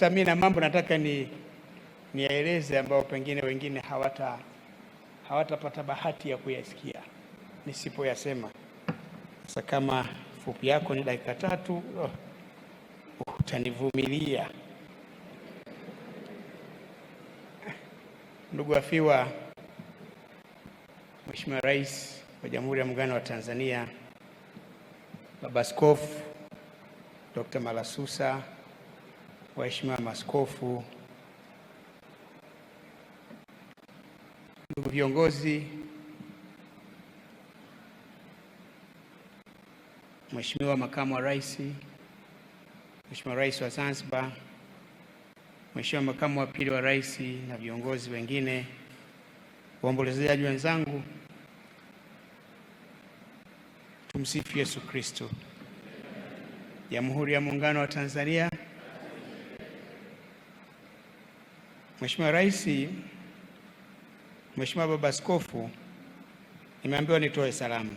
Sasa mimi na mambo nataka ni niyaeleze ambayo pengine wengine hawata hawatapata bahati ya kuyasikia nisipoyasema. Sasa kama fupi yako ni dakika tatu, oh, utanivumilia. Ndugu afiwa, Mheshimiwa Rais wa Jamhuri ya Muungano wa Tanzania, Baba Askofu Dr. Malasusa waheshimiwa maskofu, ndugu viongozi, Mheshimiwa makamu wa rais, Mheshimiwa Rais wa Zanzibar, Mheshimiwa makamu wa pili wa rais na viongozi wengine, waombolezaji wenzangu, tumsifu Yesu Kristo. Jamhuri ya Muungano wa Tanzania Mheshimiwa Rais, Mheshimiwa Baba Askofu, nimeambiwa nitoe salamu,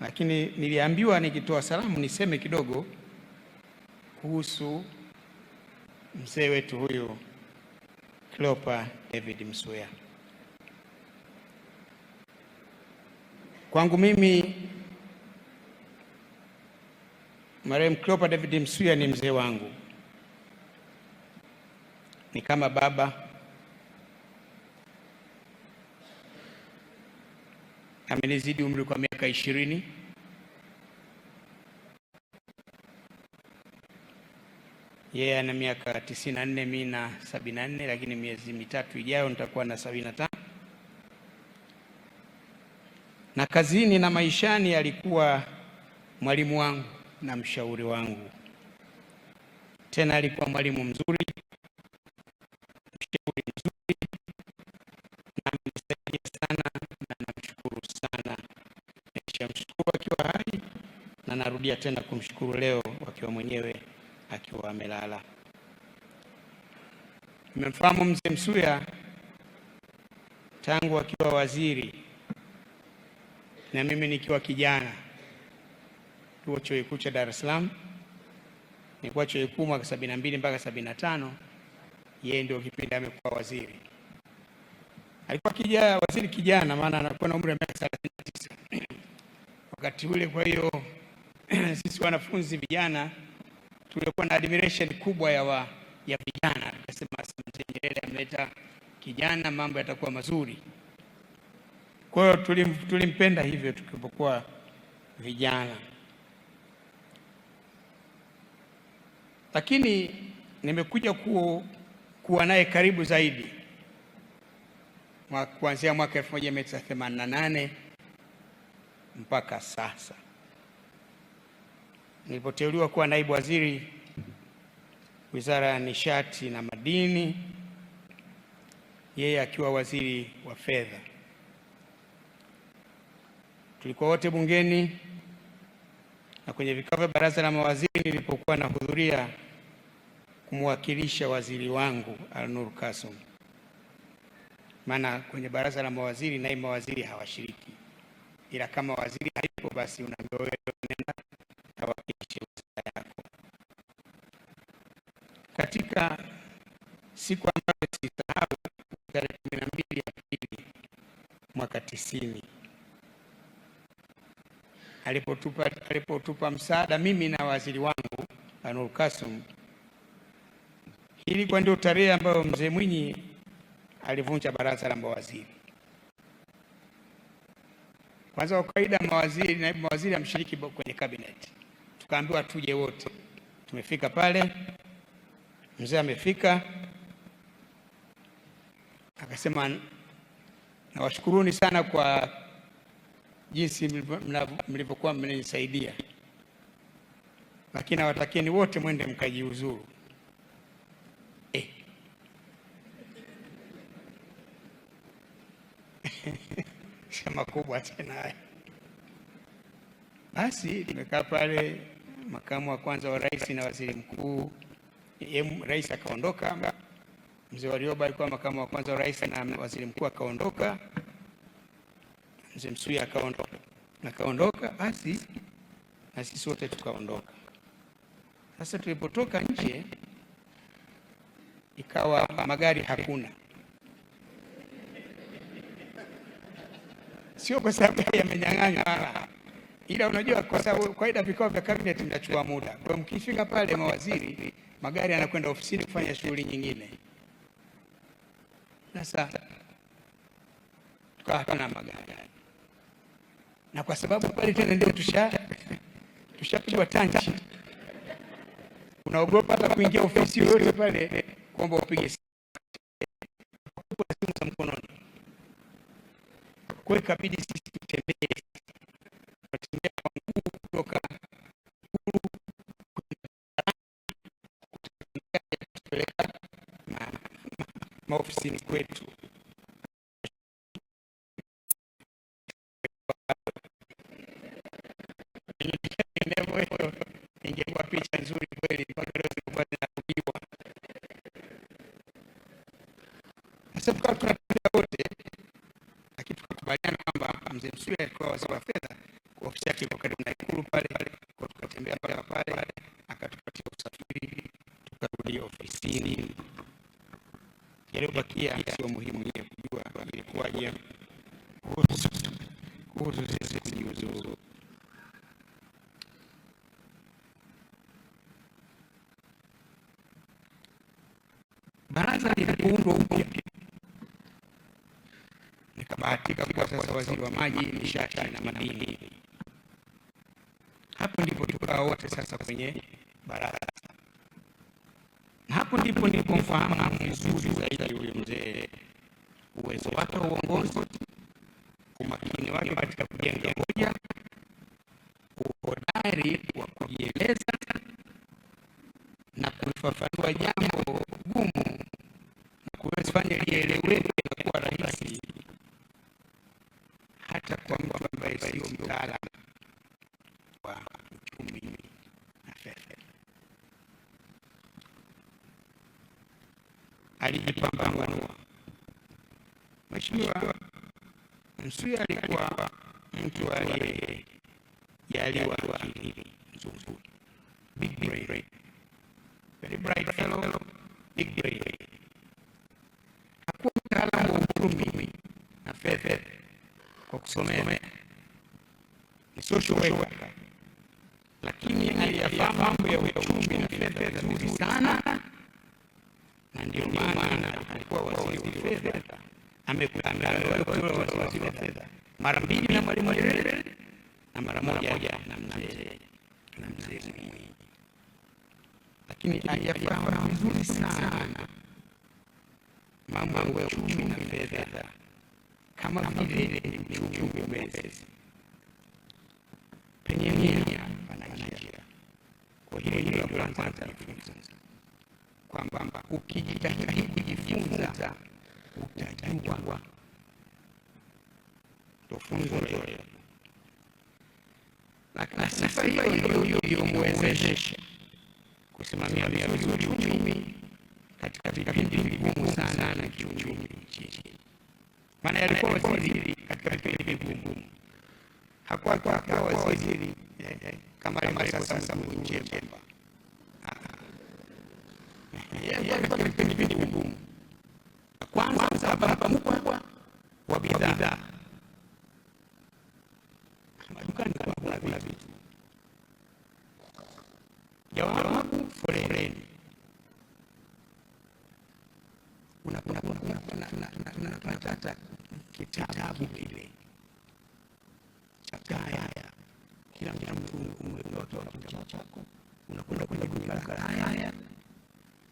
lakini niliambiwa nikitoa salamu niseme kidogo kuhusu mzee wetu huyu Cleopa David Msuya. Kwangu mimi marehemu Cleopa David Msuya ni mzee wangu ni kama baba amenizidi umri kwa miaka ishirini. Yeye yeah, ana miaka 94 mimi na nne, lakini miezi mitatu ijayo nitakuwa na 75. Na kazini na maishani alikuwa mwalimu wangu na mshauri wangu, tena alikuwa mwalimu mzuri. kurudia tena kumshukuru leo wakiwa mwenyewe akiwa amelala. Nimemfahamu mzee Msuya tangu akiwa waziri na mimi nikiwa kijana, tuo chuo kikuu cha Dar es Salaam. Nilikuwa chuo kikuu mwaka sabini na mbili mpaka sabini na tano yeye ndio kipindi amekuwa waziri. Alikuwa kija waziri kijana, maana anakuwa na umri wa miaka 39 wakati ule, kwa hiyo sisi wanafunzi vijana tulikuwa na admiration kubwa ya, wa, ya vijana. Tukasema mzee Nyerere ameleta kijana, mambo yatakuwa mazuri. Kwa hiyo tulim, tulimpenda hivyo tukipokuwa vijana, lakini nimekuja ku, kuwa naye karibu zaidi kuanzia mwaka 1988 mpaka sasa. Nilipoteuliwa kuwa naibu waziri wizara ya nishati na madini, yeye akiwa waziri wa fedha, tulikuwa wote bungeni na kwenye vikao vya baraza la mawaziri nilipokuwa nahudhuria kumwakilisha waziri wangu Alnur Kasum, maana kwenye baraza la mawaziri naibu mawaziri hawashiriki, ila kama waziri haipo basi unaambiwa wewe unaenda kawakilishe wizara yako katika siku ambayo sisahau tarehe kumi na mbili ya pili mwaka tisini alipotupa alipotupa msaada mimi na waziri wangu Anur Kasum. Hii ilikuwa ndio tarehe ambayo mzee Mwinyi alivunja baraza la mawaziri. Kwanza, kwa kawaida mawaziri, naibu mawaziri amshiriki kwenye kabineti tukaambiwa tuje wote. Tumefika pale, mzee amefika akasema, nawashukuruni sana kwa jinsi mlivyokuwa mmenisaidia, lakini nawatakieni wote mwende mkajiuzuru. Eh. shama kubwa tena. Basi tumekaa pale makamu wa kwanza wa rais na waziri mkuu. Rais akaondoka, mzee Warioba alikuwa makamu wa kwanza wa rais na waziri mkuu akaondoka, mzee Msuya akaondoka, akaondoka basi na sisi wote tukaondoka. Sasa tulipotoka nje, ikawa magari hakuna, sio kwa sababu yamenyang'anywa ila unajua, kwa sababu kawaida vikao vya kabineti vinachukua muda. Kwa mkifika pale, mawaziri magari anakwenda ofisini kufanya shughuli nyingine. Sasa tukawa hatuna magari, na kwa sababu pale tena ndio tusha tushapigwa tanchi, unaogopa hata kuingia ofisi yoyote pale, kwamba upige simu za mkononi. Kwa hiyo ikabidi sisi tutembee tunatembea kwa mguu kutoka Uhuru kutupeleka maofisini kwetu. pale akatupatia usafiri tukarudi ofisini. Yaliyobakia sio muhimu yeye kujua ilikuwaje kuhusu sisi kujiuzuru. Baraza lilipoundwa upya, nikabahatika kuwa sasa waziri wa maji, nishati na madini wote sasa kwenye baraza. Hapo ndipo nilipomfahamu vizuri zaidi yule mzee, uwezo wake wa uongozi, umakini wake katika kujenga hoja, uhodari wa kujieleza na kulifafanua jambo gumu na kuwezifanya lieleweke. Yesu alikuwa mtu aliyejaliwa akili nzuri, big brain, very bright fellow, big brain. Hakuwa mtaalamu wa uchumi na fedha kwa kusomea, ni social worker, lakini aliyafahamu mambo ya uchumi na fedha vizuri sana, na ndio maana alikuwa waziri wa fedha amepewa fedha mara mbili na Mwalimu Nyerere na mara moja na mzee na mzee Mwinyi, lakini hajafahamu vizuri sana mambo ya uchumi na fedha kama vile ni uchumi umezi penye nia anajia. Kwa hiyo hilo la kwanza kwamba ukijitahidi kujifunza utajua. Tufunzo hilo, lakini sifa hiyo ndio iliyomwezesha kusimamia vizuri uchumi katika vipindi vigumu sana na kiuchumi nchini, maana yalikuwa waziri katika vipindi vigumu, hakuwa eh, kwa waziri kama kama sasa Mjemba, ah. yeye alikuwa katika vipindi vigumu kwanza barabamuko kubwa wa bidhaa madukani, kuna vitu jawabu foleni unapata kitabu kile cha kaya, kila mtu umepewa kitabu chako, unakwenda kwenye duka la kaya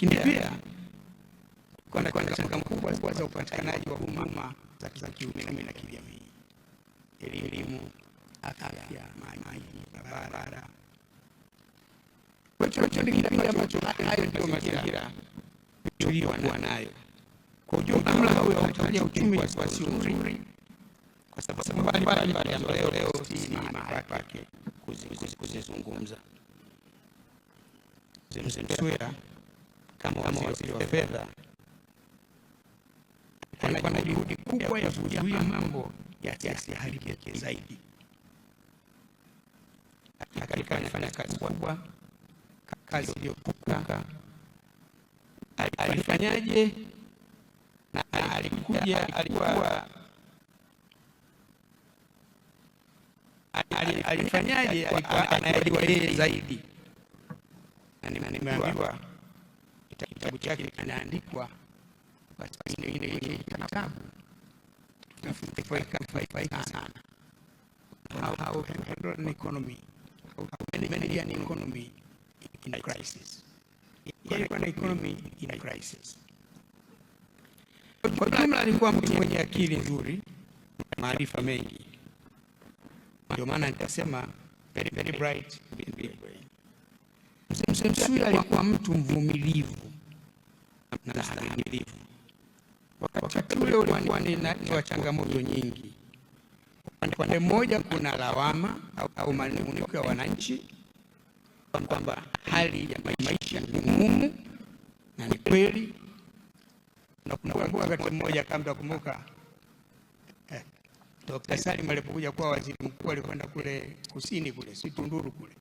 lakini pia kuna changamoto kubwa za upatikanaji wa huduma za kiuchumi na kijamii, elimu, afya, maji, barabara. Kwetu ni kipindi ambacho hayo ndio mazingira tuliyokuwa nayo. Kwa ujumla, unataja uchumi kwa si mzuri kwa sababu mbalimbali ambayo leo si mahali pake kuzizungumza. Mzee Mswea kama waziri wa fedha wana juhudi kubwa ya kuzuia mambo yasiharibike zaidi. Hakika anafanya kazi kubwa, kazi iliyopuka. Alifanyaje? na alikuja, alikuwa alifanyaje? Alikuwa anayejua yeye zaidi, nimeambiwa kitabu chake anaandikwa kwa sababu ile kitabu Kwa jumla alikuwa mtu mwenye akili nzuri, maarifa mengi, ndio maana nitasema very very bright. alikuwa mtu mvumilivu na stahimilivu. Wakati ule ulikuwa ni nani wa changamoto nyingi. Upande mmoja, kuna lawama au manung'uniko ya wananchi kwamba hali ya maisha ni ngumu, na ni kweli. Nakumbuka wakati mmoja, kama mtakumbuka, eh, Dr. Salim alipokuja kuwa waziri mkuu alikwenda kule kusini kule, si Tunduru kule,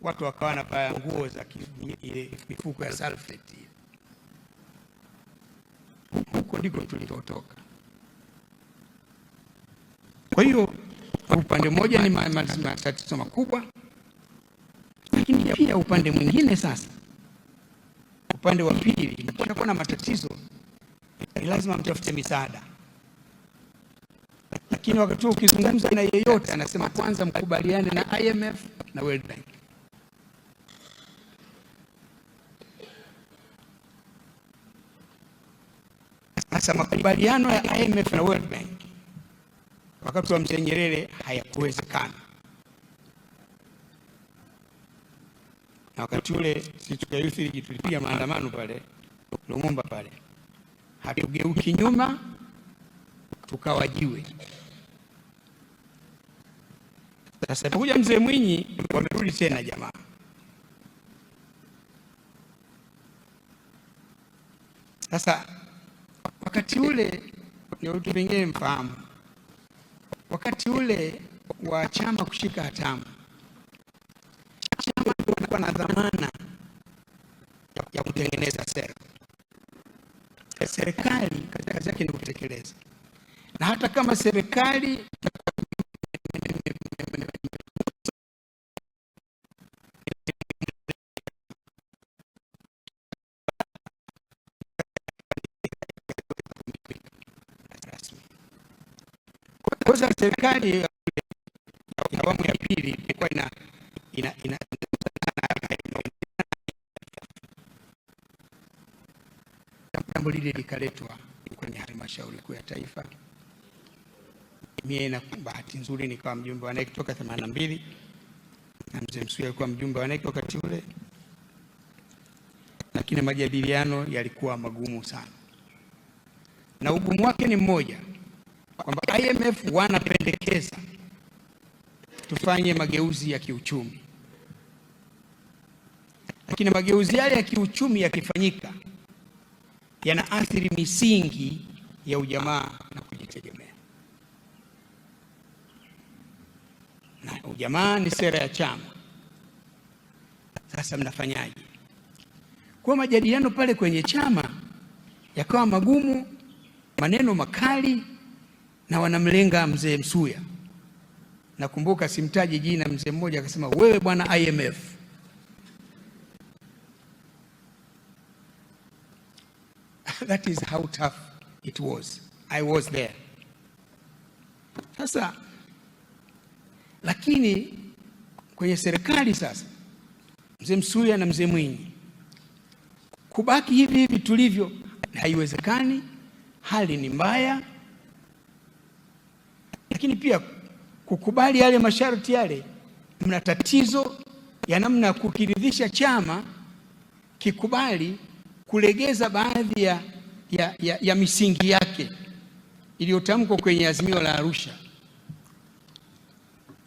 watu wakawa na nguo za kifuko ya sulfate kuliko tulikotoka. Kwa hiyo upande mmoja ni matatizo makubwa, lakini pia upande mwingine sasa, upande wa pili kunakuwa na matatizo, ni lazima mtafute misaada. Lakini wakati huo ukizungumza na yeyote, anasema kwanza mkubaliane na IMF na World Bank. Sasa makubaliano ya IMF na World Bank wakati wa Mzee Nyerere hayakuwezekana, na wakati ule sisi tukayuthiriji tulipiga maandamano pale Lumumba pale, hatugeuki nyuma, tukawajiwe. Sasa kuja Mzee Mwinyi, wamerudi tena jamaa sasa Wakati ule ni vitu vingine mfahamu, wakati ule wa chama kushika hatamu, chama kuwa na dhamana ya kutengeneza sera. Serikali kazi yake ni kutekeleza, na hata kama serikali Kwanza serikali ya awamu ya pili ilikuwa ina ina ina jambo lile likaletwa kwenye halmashauri kuu ya taifa. Mie na bahati nzuri nikawa mjumbe wa NEC toka 82 na mzee Msuya alikuwa mjumbe wa NEC wakati ule, lakini majadiliano yalikuwa magumu sana, na ugumu wake ni mmoja kwamba IMF wanapendekeza tufanye mageuzi ya kiuchumi, lakini mageuzi yale ya kiuchumi yakifanyika yanaathiri misingi ya ujamaa na kujitegemea. Na ujamaa ni sera ya chama. Sasa mnafanyaje? Kwa majadiliano pale kwenye chama yakawa magumu, maneno makali na wanamlenga mzee Msuya. Nakumbuka simtaji jina, mzee mmoja akasema, wewe bwana IMF that is how tough it was. I was there. Sasa lakini kwenye serikali sasa, mzee Msuya na mzee Mwinyi, kubaki hivi hivi tulivyo haiwezekani. Hali ni mbaya lakini pia kukubali yale masharti yale, mna tatizo ya namna ya kukiridhisha chama kikubali kulegeza baadhi ya, ya, ya, ya misingi yake iliyotamkwa kwenye azimio la Arusha.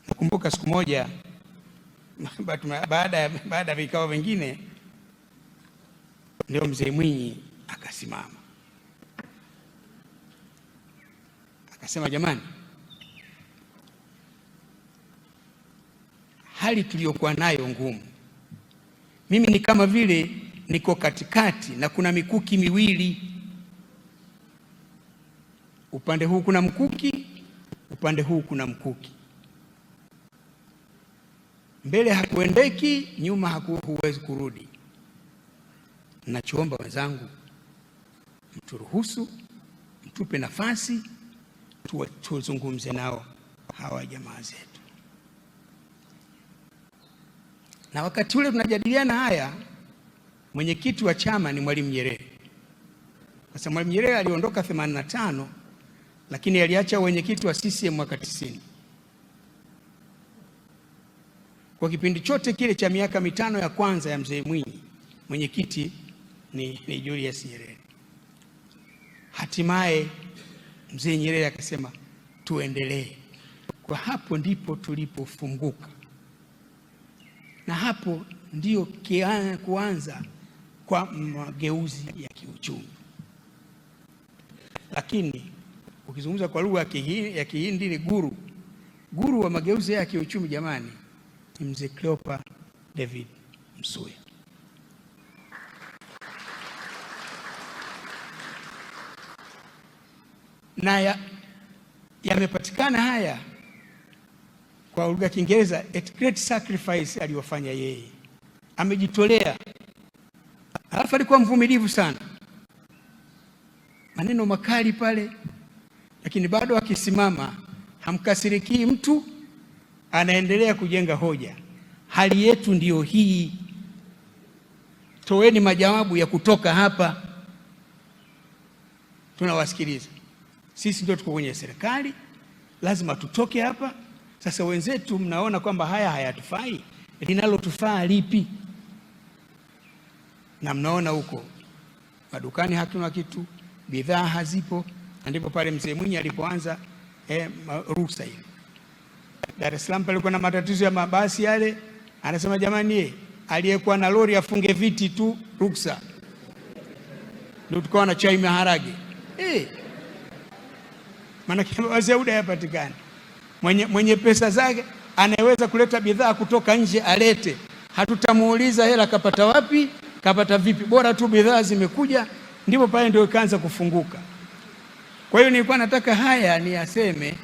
Nakumbuka siku moja baada baada ya vikao vingine, ndio mzee Mwinyi akasimama akasema, jamani hali tuliyokuwa nayo ngumu. Mimi ni kama vile niko katikati na kuna mikuki miwili, upande huu kuna mkuki, upande huu kuna mkuki. Mbele hakuendeki, nyuma huwezi kurudi. Nachoomba wenzangu, mturuhusu, mtupe nafasi, tuzungumze nao hawa jamaa zetu. Na wakati ule tunajadiliana haya, mwenyekiti wa chama ni Mwalimu Nyerere. Sasa Mwalimu Nyerere aliondoka 85 lakini aliacha wenyekiti wa CCM mwaka 90. Kwa kipindi chote kile cha miaka mitano ya kwanza ya mzee Mwinyi, mwenyekiti ni, ni Julius Nyerere. Hatimaye mzee Nyerere akasema tuendelee. Kwa hapo ndipo tulipofunguka na hapo ndiyo kuanza kwa mageuzi ya kiuchumi. Lakini ukizungumza kwa lugha ya Kihindi ni guru guru wa mageuzi ya kiuchumi jamani, ni mzee Cleopa David Msuya. Na yamepatikana ya haya kwa lugha ya Kiingereza, at great sacrifice aliyofanya yeye, amejitolea. Alafu alikuwa mvumilivu sana, maneno makali pale, lakini bado akisimama, hamkasirikii mtu, anaendelea kujenga hoja. Hali yetu ndiyo hii, toweni majawabu ya kutoka hapa. Tunawasikiliza sisi, ndio tuko kwenye serikali, lazima tutoke hapa. Sasa wenzetu mnaona kwamba haya hayatufai, linalotufaa lipi? Na mnaona huko madukani hatuna kitu, bidhaa hazipo. Ndipo pale mzee Mwinyi alipoanza eh, ruhusa ile. Dar es Salaam palikuwa na matatizo ya mabasi yale, anasema jamani, eh, aliyekuwa na lori afunge viti tu, ruksa. Ndio tukawa na chai maharage eh, maana mabasi wazee UDA mwenye, mwenye pesa zake anayeweza kuleta bidhaa kutoka nje alete, hatutamuuliza hela kapata wapi, kapata vipi, bora tu bidhaa zimekuja. Ndipo pale ndio ikaanza kufunguka. Kwa hiyo nilikuwa nataka haya niyaseme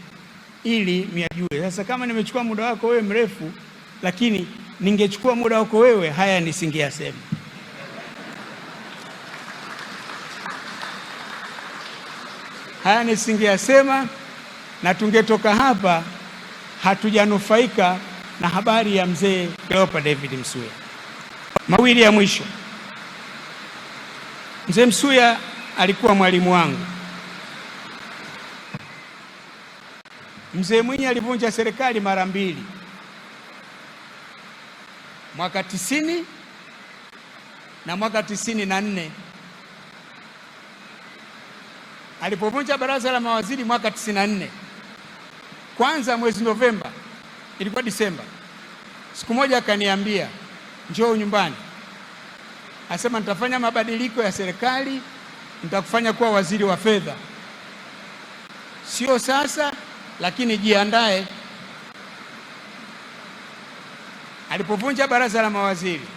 ili miajue Sasa kama nimechukua muda wako wewe mrefu, lakini ningechukua muda wako wewe, haya nisingeyasema. Haya nisingeyasema na tungetoka hapa hatujanufaika na habari ya mzee Cleopa David Msuya. Mawili ya mwisho, mzee Msuya alikuwa mwalimu wangu. Mzee Mwinyi alivunja serikali mara mbili, mwaka tisini na mwaka tisini na nne. Alipovunja baraza la mawaziri mwaka tisini na nne kwanza mwezi Novemba, ilikuwa Disemba, siku moja akaniambia njoo nyumbani, asema nitafanya mabadiliko ya serikali, nitakufanya kuwa waziri wa fedha, sio sasa, lakini jiandae. Alipovunja baraza la mawaziri,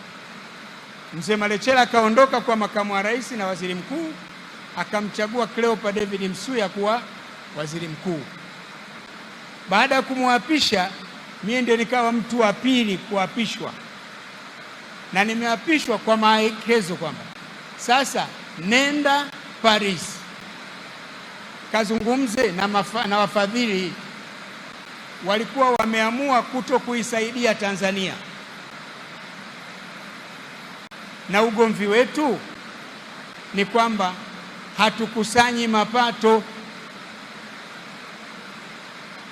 mzee Malecela akaondoka kwa makamu wa rais na waziri mkuu, akamchagua Cleopa David Msuya kuwa waziri mkuu. Baada ya kumwapisha mimi ndio nikawa mtu wa pili kuapishwa, na nimeapishwa kwa maelekezo kwamba sasa nenda Paris kazungumze na, na wafadhili walikuwa wameamua kuto kuisaidia Tanzania na ugomvi wetu ni kwamba hatukusanyi mapato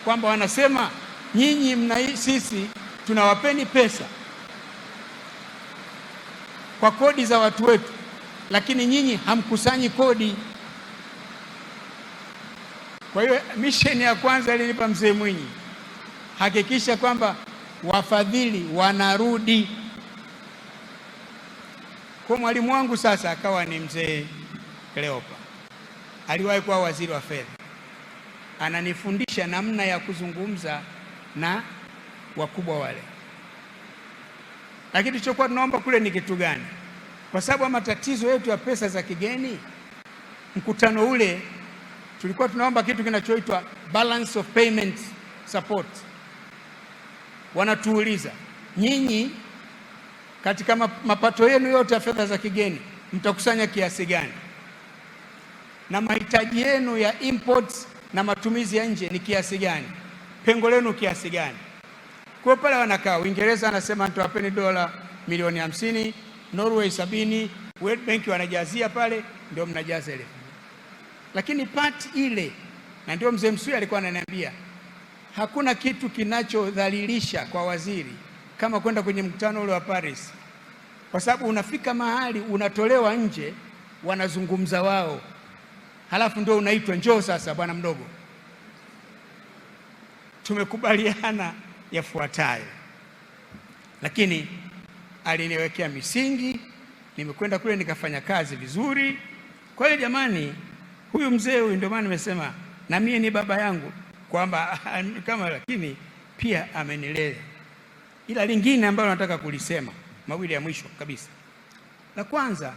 kwamba wanasema nyinyi mna sisi tunawapeni pesa kwa kodi za watu wetu, lakini nyinyi hamkusanyi kodi. Kwa hiyo misheni ya kwanza ilinipa Mzee Mwinyi, hakikisha kwamba wafadhili wanarudi kwa mwalimu wangu. Sasa akawa ni mzee Kleopa, aliwahi kuwa waziri wa fedha ananifundisha namna ya kuzungumza na wakubwa wale. Lakini tulichokuwa tunaomba kule ni kitu gani? Kwa sababu matatizo yetu ya pesa za kigeni, mkutano ule tulikuwa tunaomba kitu kinachoitwa balance of payment support. Wanatuuliza, nyinyi katika mapato yenu yote ya fedha za kigeni mtakusanya kiasi gani, na mahitaji yenu ya imports na matumizi ya nje ni kiasi gani, pengo lenu kiasi gani? Kwa pale wanakaa Uingereza anasema nitawapeni dola milioni hamsini, Norway sabini, World Bank wanajazia pale, ndio mnajaza ile. Lakini part ile, na ndio mzee Msuya alikuwa ananiambia hakuna kitu kinachodhalilisha kwa waziri kama kwenda kwenye mkutano ule wa Paris, kwa sababu unafika mahali unatolewa nje, wanazungumza wao halafu ndio unaitwa njoo sasa bwana mdogo. Tumekubaliana yafuatayo, lakini aliniwekea misingi, nimekwenda kule nikafanya kazi vizuri. Kwa hiyo jamani, huyu mzee huyu, ndio maana nimesema na mie ni baba yangu kwamba kama, lakini pia amenilea. Ila lingine ambalo nataka kulisema mawili ya mwisho kabisa, la kwanza,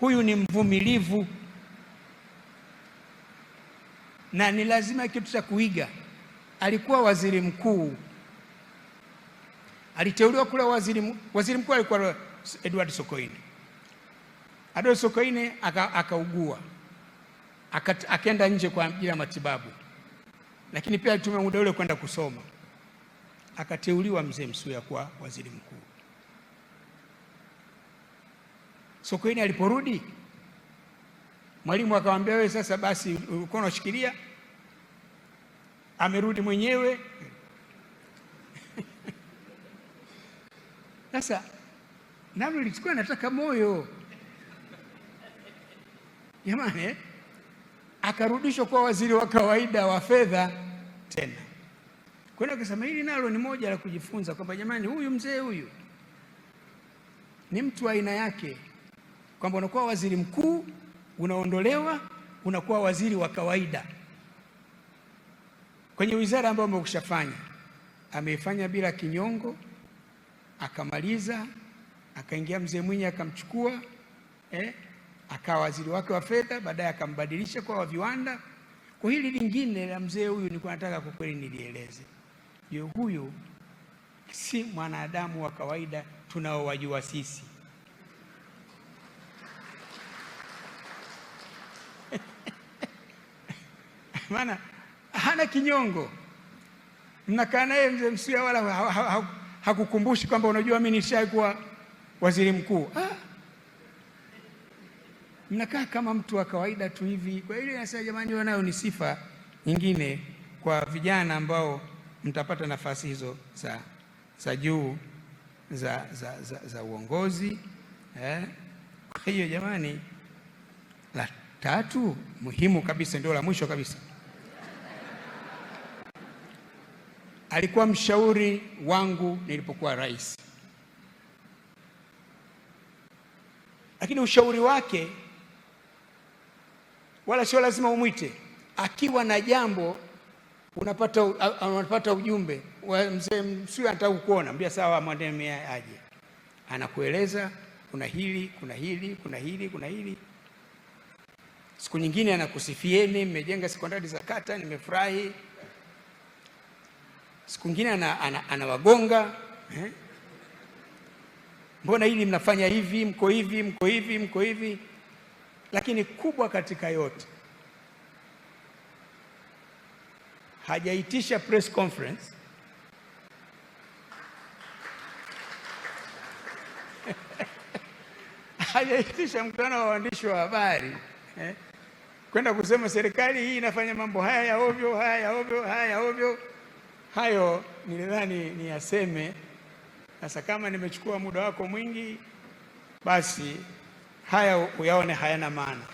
huyu ni mvumilivu na ni lazima kitu cha kuiga. Alikuwa waziri mkuu, aliteuliwa kule waziri, waziri mkuu alikuwa Edward Sokoine. Edward Sokoine akaugua aka akaenda nje kwa ajili ya matibabu, lakini pia alitumia muda ule kwenda kusoma. Akateuliwa mzee Msuya kuwa waziri mkuu. Sokoine aliporudi Mwalimu akamwambia wewe sasa basi ulikuwa unashikilia, amerudi mwenyewe. Sasa nalo lilikuwa nataka moyo jamani, eh? akarudishwa kwa waziri wa kawaida wa fedha tena hiyo akasema hili nalo ni moja la kujifunza kwamba jamani, huyu mzee huyu ni mtu wa aina yake, kwamba unakuwa waziri mkuu unaondolewa, unakuwa waziri wa kawaida kwenye wizara ambayo amekushafanya. Ameifanya bila kinyongo, akamaliza, akaingia mzee Mwinyi akamchukua, eh, akawa waziri wake wa fedha, baadaye akambadilisha kwa wa viwanda. Kwa hili lingine la mzee huyu nilikuwa nataka kwa kweli nilieleze, huyu si mwanadamu wa kawaida tunaowajua sisi. maana hana kinyongo. Mnakaa naye mzee Msuya wala ha, ha, ha, hakukumbushi kwamba unajua mimi nishai kuwa waziri mkuu ah. Mnakaa kama mtu wa kawaida tu hivi. Kwa hiyo nasema jamani, nayo ni sifa nyingine kwa vijana ambao mtapata nafasi hizo za, za juu za, za, za, za uongozi eh. Kwa hiyo jamani, la tatu muhimu kabisa ndio la mwisho kabisa alikuwa mshauri wangu nilipokuwa rais, lakini ushauri wake wala sio lazima umwite. Akiwa na jambo unapata, unapata ujumbe mzee Msuya anataka kukuona, mbia sawa, mwandeme aje, anakueleza kuna hili kuna hili kuna hili kuna hili. Siku nyingine anakusifieni, mmejenga sekondari za kata, nimefurahi siku nyingine anawagonga ana, ana eh? Mbona hili mnafanya hivi, mko hivi, mko hivi, mko hivi. Lakini kubwa katika yote hajaitisha press conference hajaitisha mkutano wa waandishi wa habari eh? kwenda kusema serikali hii inafanya mambo haya ya ovyo, haya ya ovyo, haya ya ovyo. Hayo nilidhani ni yaseme Sasa kama nimechukua muda wako mwingi, basi haya uyaone hayana maana.